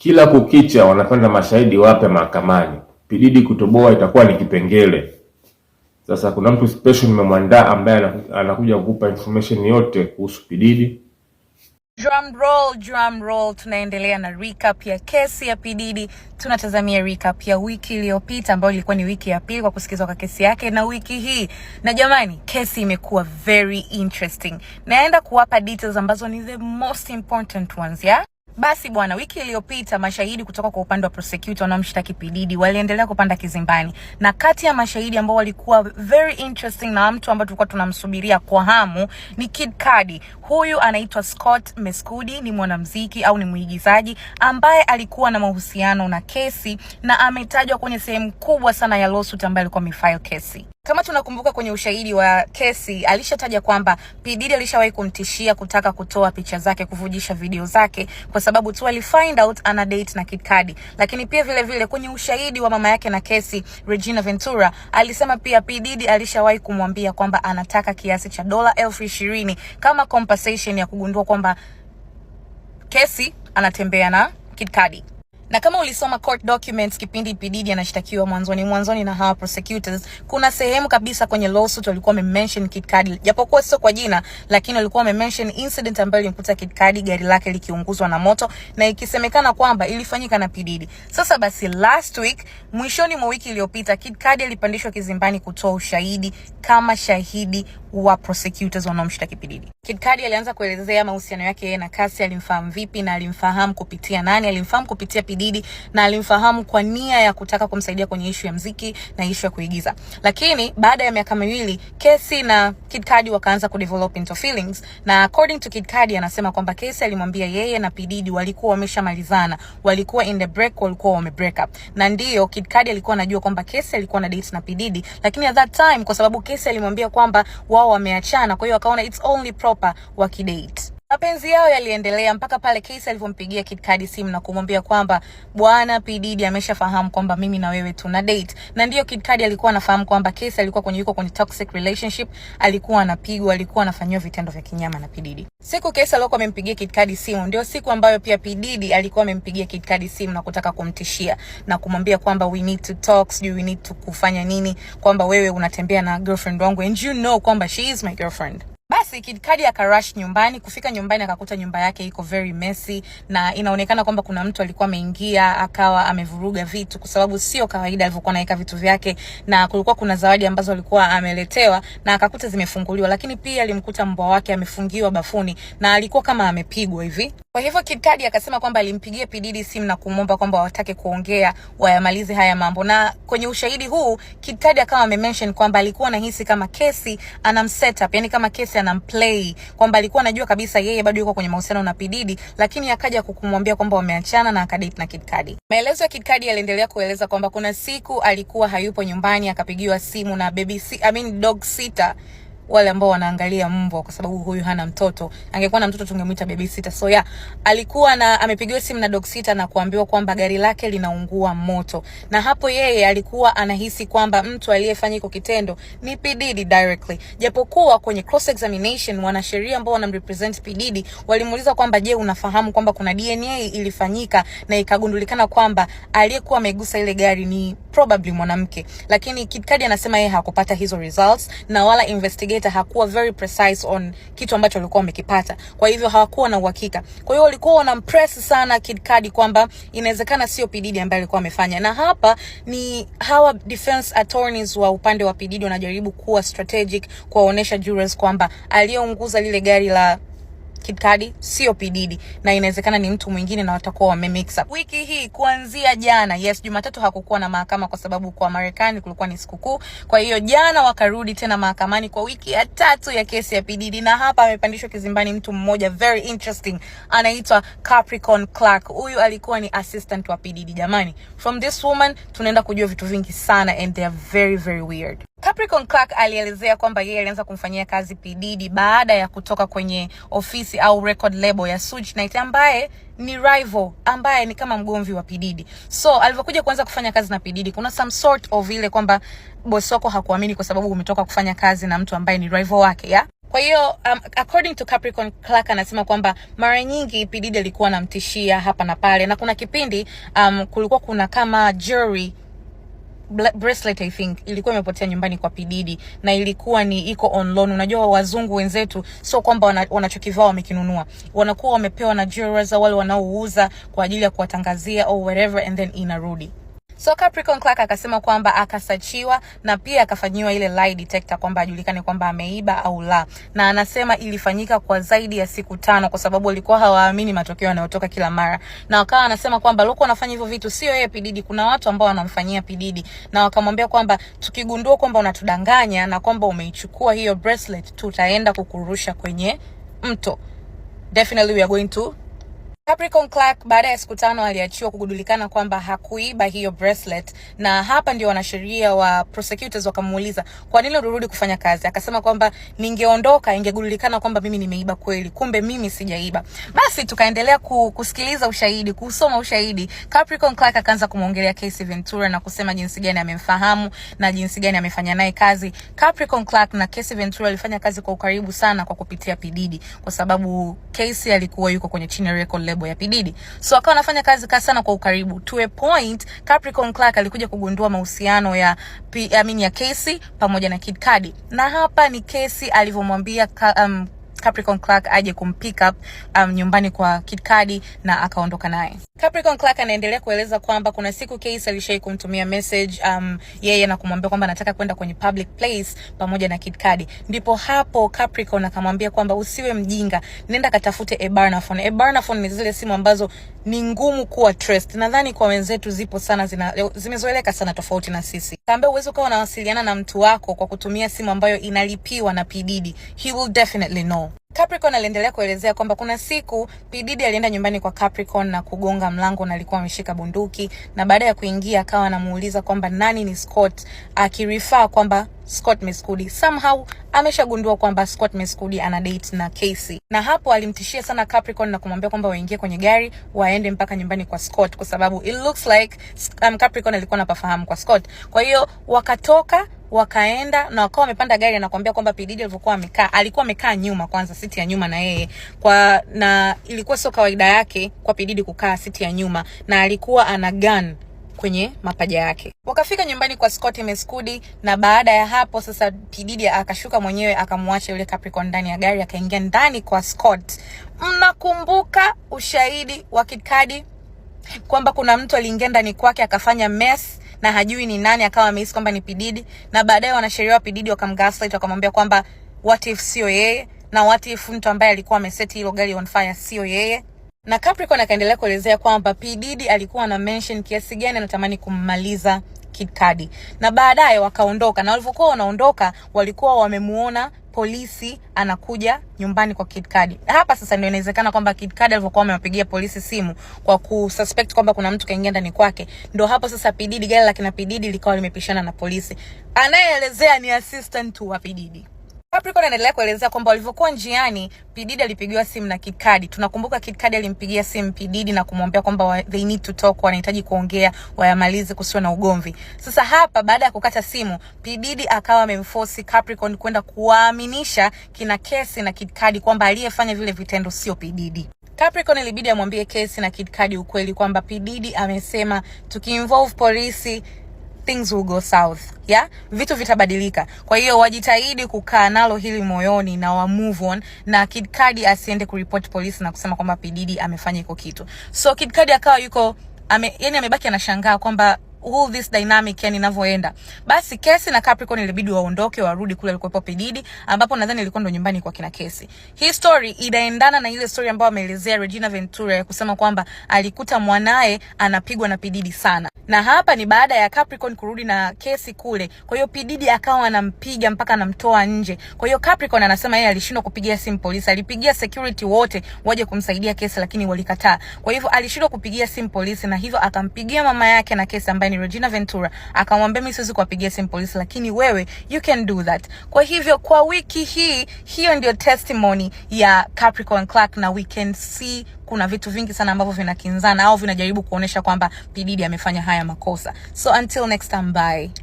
Kila kukicha wanapenda mashahidi wape mahakamani. Pididi kutoboa itakuwa ni kipengele. Sasa kuna mtu special nimemwandaa ambaye anakuja kukupa information yote kuhusu Pididi. Drum roll, drum roll. Tunaendelea na recap ya kesi ya Pididi. Tunatazamia recap ya wiki iliyopita ambayo ilikuwa ni wiki ya pili kwa kusikizwa kwa kesi yake na wiki hii. Na jamani, kesi imekuwa very interesting. Naenda kuwapa details ambazo ni the most important ones, yeah? Basi bwana, wiki iliyopita mashahidi kutoka kwa upande wa prosecutor wanaomshtaki P Diddy waliendelea kupanda kizimbani, na kati ya mashahidi ambao walikuwa very interesting na mtu ambaye tulikuwa tunamsubiria kwa hamu ni Kid Cudi. Huyu anaitwa Scott Mescudi, ni mwanamuziki au ni mwigizaji ambaye alikuwa na mahusiano na kesi na ametajwa kwenye sehemu kubwa sana ya lawsuit ambayo alikuwa amefile kesi. Kama tunakumbuka kwenye ushahidi wa kesi, alishataja kwamba P alishawahi kumtishia kutaka kutoa picha zake, kuvujisha video zake, kwa sababu tu ali find out ana date na Kid Cudi. Lakini pia vile vile kwenye ushahidi wa mama yake na kesi, Regina Ventura alisema pia P alishawahi kumwambia kwamba anataka kiasi cha dola elfu ishirini kama compensation ya kugundua kwamba kesi anatembea na Kid Cudi. Na kama ulisoma court documents kipindi pdd anashtakiwa mwanzoni mwanzoni na hawa prosecutors, kuna sehemu kabisa kwenye lawsuit walikuwa wamemention Kid Cudi, japokuwa sio kwa jina, lakini walikuwa wamemention incident ambayo ilimkuta Kid Cudi gari lake likiunguzwa na moto na ikisemekana kwamba ilifanyika na pdd Sasa basi, last week, mwishoni mwa wiki iliyopita, Kid Cudi alipandishwa kizimbani kutoa ushahidi kama shahidi wa prosecutors wanaomshtaki Pididi. Kid Cudi alianza kuelezea mahusiano yake yeye na Cassie, alimfahamu vipi na alimfahamu kupitia nani? Alimfahamu kupitia Pididi na alimfahamu kwa nia ya kutaka kumsaidia kwenye ishu ya mziki na ishu ya kuigiza. Lakini baada ya miaka miwili Kesi na Kid Cudi wakaanza develop into feelings, na according to Kid Cudi anasema kwamba Kesi alimwambia yeye na Pididi walikuwa wameshamalizana, walikuwa in the break, walikuwa wame break up. Na ndio Kid Cudi alikuwa anajua kwamba Kesi alikuwa na date na Pididi, lakini at that time kwa sababu Kesi alimwambia kwamba wa wao wameachana, kwa hiyo wakaona it's only proper wakidate. Mapenzi yao yaliendelea mpaka pale Kesi alivyompigia Kid Cudi simu na kumwambia kwamba bwana P Diddy ameshafahamu kwamba mimi na wewe tuna date. Na ndio Kid Cudi alikuwa anafahamu kwamba Kesi alikuwa kwenye yuko kwenye toxic relationship, alikuwa anapigwa, alikuwa anafanyiwa vitendo vya kinyama na P Diddy. Siku Kesi alikuwa amempigia Kid Cudi simu, ndio siku ambayo pia P Diddy alikuwa amempigia Kid Cudi simu na kutaka kumtishia na kumwambia kwamba we need to talk, sijui we need to kufanya nini, kwamba wewe unatembea na girlfriend wangu and you know kwamba she is my girlfriend. Basi Kid Cudi akarash nyumbani. Kufika nyumbani akakuta nyumba yake iko very messy, na inaonekana kwamba kuna mtu alikuwa ameingia akawa amevuruga vitu, kwa sababu sio kawaida alivyokuwa anaweka vitu vyake, na kulikuwa kuna zawadi ambazo alikuwa ameletewa na akakuta zimefunguliwa, lakini pia alimkuta mbwa wake amefungiwa bafuni na alikuwa kama amepigwa hivi. Kwa hivyo Kid Cudi akasema kwamba alimpigia P Diddy simu na kumwomba kwamba watake kuongea wayamalize haya mambo, na kwenye ushahidi huu Kid Cudi akawa amemention kwamba alikuwa anahisi kama Kesi anamsetup, yani kama Kesi play, kwamba alikuwa anajua kabisa yeye bado yuko kwenye mahusiano na P Diddy, lakini akaja kukumwambia kwamba wameachana na akadate na Kid Cudi. Maelezo ya Kid Cudi yaliendelea kueleza kwamba kuna siku alikuwa hayupo nyumbani, akapigiwa simu na baby si, I mean dog sitter wale ambao wanaangalia mbwa, kwa sababu huyu hana mtoto. Angekuwa na mtoto tungemuita baby sitter. So ya yeah, alikuwa na amepigiwa simu na dog sitter na kuambiwa kwamba gari lake linaungua moto, na hapo yeye alikuwa anahisi kwamba mtu aliyefanya hiko kitendo ni P directly, japokuwa kwenye cross examination wanasheria ambao wanamrepresent P walimuuliza kwamba je, unafahamu kwamba kuna DNA ilifanyika na ikagundulikana kwamba aliyekuwa amegusa ile gari ni probably mwanamke, lakini Kid anasema yeye hakupata hizo results na wala investigate data hakuwa very precise on kitu ambacho walikuwa wamekipata, kwa hivyo hawakuwa na uhakika. Kwa hiyo walikuwa wanampress sana Kid kwamba inawezekana sio pididi ambaye alikuwa amefanya, na hapa ni hawa defense attorneys wa upande wa pididi wanajaribu kuwa strategic kuwaonesha jurors kwamba aliyeunguza lile gari la Kid sio pididi na inawezekana ni mtu mwingine na watakuwa wame mix up. Wiki hii kuanzia jana, yes, Jumatatu hakukuwa na mahakama kwa sababu kwa Marekani kulikuwa ni sikukuu. Kwa hiyo jana wakarudi tena mahakamani kwa wiki ya tatu ya kesi ya pididi na hapa amepandishwa kizimbani mtu mmoja very interesting, anaitwa Capricorn Clark. Huyu alikuwa ni assistant wa pididi Jamani, from this woman tunaenda kujua vitu vingi sana and they are very very weird. Capricorn Clark alielezea kwamba yeye alianza kumfanyia kazi P Diddy baada ya kutoka kwenye ofisi au record label ya Suge Knight ambaye ni rival ambaye ni kama mgomvi wa P Diddy. So alivyokuja kuanza kufanya kazi na P Diddy, kuna some sort of ile kwamba bosi wako hakuamini kwa sababu umetoka kufanya kazi na mtu ambaye ni rival wake ya? Kwa hiyo um, according to Capricorn Clark anasema kwamba mara nyingi P Diddy alikuwa anamtishia hapa na pale, na kuna kipindi um, kulikuwa kuna kama jury bracelet I think ilikuwa imepotea nyumbani kwa Pididi na ilikuwa ni iko on loan. Unajua wazungu wenzetu sio kwamba wanachokivaa wamekinunua, wanakuwa wamepewa na jewelers wale wanaouza kwa ajili ya kuwatangazia au whatever, and then inarudi So Capricorn Clark akasema kwamba akasachiwa na pia akafanyiwa ile lie detector kwamba ajulikane kwamba ameiba au la, na anasema ilifanyika kwa zaidi ya siku tano kwa sababu walikuwa hawaamini matokeo yanayotoka kila mara, na wakawa anasema kwamba loko anafanya hivyo vitu sio yeye Pididi, kuna watu ambao wanamfanyia Pididi, na wakamwambia kwamba tukigundua kwamba unatudanganya na kwamba umeichukua hiyo bracelet, tutaenda kukurusha kwenye mto. Definitely we are going to Capricorn Clark baada ya siku tano aliachiwa kugudulikana kwamba hakuiba hiyo bracelet, na hapa ndio wanasheria wa prosecutors wakamuuliza kwa nini ulirudi kufanya kazi? Akasema kwamba ningeondoka ingegudulikana kwamba mimi nimeiba kweli, kumbe mimi sijaiba. Basi tukaendelea kusikiliza ushahidi, kusoma ushahidi. Capricorn Clark akaanza kumwongelea Casey Ventura na kusema jinsi gani amemfahamu na jinsi gani amefanya naye kazi. Capricorn Clark na Casey Ventura walifanya kazi kwa ukaribu sana kwa kupitia P kwa sababu Casey alikuwa yuko kwenye chini record label ya pididi So akawa anafanya kazi kasi sana kwa ukaribu to a point Capricorn Clark alikuja kugundua mahusiano ya I mean ya kesi pamoja na Kid na hapa ni kesi alivyomwambia um, Capricorn Clark aje kumpick up um, nyumbani kwa Kid Cudi na akaondoka naye. Capricorn Clark anaendelea kueleza kwamba kuna siku Casey alishai kumtumia message um, yeye na kumwambia kwamba anataka kwenda kwenye public place pamoja na Kid Cudi. Ndipo hapo Capricorn akamwambia kwamba usiwe mjinga, nenda katafute ebarnafon. Ebarnafon ni zile simu ambazo ni ngumu kuwa trust. Nadhani kwa wenzetu zipo sana, zimezoeleka sana tofauti na sisi. Kaambia huwezi ukawa unawasiliana na mtu wako kwa kutumia simu ambayo inalipiwa na pididi He will definitely know. Capricorn aliendelea kuelezea kwamba kuna siku pididi alienda nyumbani kwa Capricorn na kugonga mlango na alikuwa ameshika bunduki, na baada ya kuingia akawa anamuuliza kwamba nani ni Scott, akirifaa kwamba Scott Mescudi somehow ameshagundua kwamba Scott Mescudi ana date na Casey, na hapo alimtishia sana Capricorn na kumwambia kwamba waingie kwenye gari waende mpaka nyumbani kwa Scott, kwa sababu it looks like um, Capricorn alikuwa anapafahamu kwa Scott. Kwa hiyo wakatoka wakaenda na wakawa wamepanda gari, anakuambia kwamba P Diddy alivyokuwa amekaa, alikuwa amekaa nyuma kwanza, siti ya nyuma na yeye kwa, na ilikuwa sio kawaida yake kwa P kukaa siti ya nyuma, na alikuwa ana gun kwenye mapaja yake. Wakafika nyumbani kwa Scott Mescudi, na baada ya hapo sasa Pididi akashuka mwenyewe akamwacha yule Capricorn ndani ya gari, akaingia ndani kwa Scott. Mnakumbuka ushahidi wa kikadi kwamba kuna mtu aliingia ndani kwake akafanya mess na hajui ni nani, akawa amehisi kwamba ni Pididi, na baadaye wanasheria wa Pididi wakamgaslight wakamwambia kwamba what if sio yeye, na what if mtu ambaye alikuwa ameseti hilo gari on fire sio yeye na Capricorn akaendelea kuelezea kwamba P Diddy alikuwa na mention kiasi gani anatamani kummaliza Kid Cudi, na baadaye wakaondoka, na walivyokuwa wanaondoka walikuwa wamemuona polisi anakuja nyumbani kwa Kid Cudi. Hapa sasa ndio inawezekana kwamba Kid Cudi alivyokuwa amewapigia polisi simu kwa kususpect kwamba kuna mtu kaingia ndani kwake, ndio hapo sasa P Diddy, gari la kina P Diddy likawa limepishana na polisi. Anayeelezea ni assistant wa P Diddy. Capricorn anaendelea kuelezea kwamba walivyokuwa njiani P alipigiwa simu na Kikadi. Tunakumbuka Kikadi alimpigia simu Pididi na kumwambia kwamba they need to talk, wanahitaji kuongea, wayamalize kusiwe na ugomvi. Sasa hapa baada ya kukata simu, Pididi akawa amemforce Capricorn kwenda kuwaaminisha kina Kesi na Kikadi kwamba aliyefanya vile vitendo sio Pididi. Capricorn ilibidi amwambie Kesi na Kikadi ukweli kwamba Pididi amesema tukiinvolve polisi things will go south yeah? Vitu vitabadilika. Kwa hiyo wajitahidi kukaa nalo hili moyoni na wa move on, na kidkadi asiende kuripoti polisi na kusema kwamba pididi amefanya iko kitu. So kidkadi akawa yuko ame, yani amebaki anashangaa kwamba all this dynamic yani inavyoenda. Basi Kesi na Capricorn ilibidi waondoke warudi kule alikopo pididi ambapo nadhani ilikuwa ndo nyumbani kwa kina Kesi. Hii story inaendana na ile story ambayo ameelezea Regina Ventura ya kusema kwamba alikuta mwanae anapigwa na pididi sana na hapa ni baada ya Capricorn kurudi na kesi kule. Kwa hiyo P akawa anampiga mpaka anamtoa nje. Kwa hiyo Capricorn anasema yeye alishindwa kupigia simu polisi, alipigia security wote waje kumsaidia kesi, lakini walikataa. Kwa hivyo alishindwa kupigia simu polisi, na hivyo akampigia mama yake na kesi ambaye ni Regina Ventura, akamwambia mimi siwezi kuwapigia simu polisi, lakini wewe you can do that. Kwa hivyo kwa wiki hii, hiyo ndio testimony ya Capricorn Clark na we can see kuna vitu vingi sana ambavyo vinakinzana au vinajaribu kuonesha kwamba P amefanya haya makosa. So until next time, bye.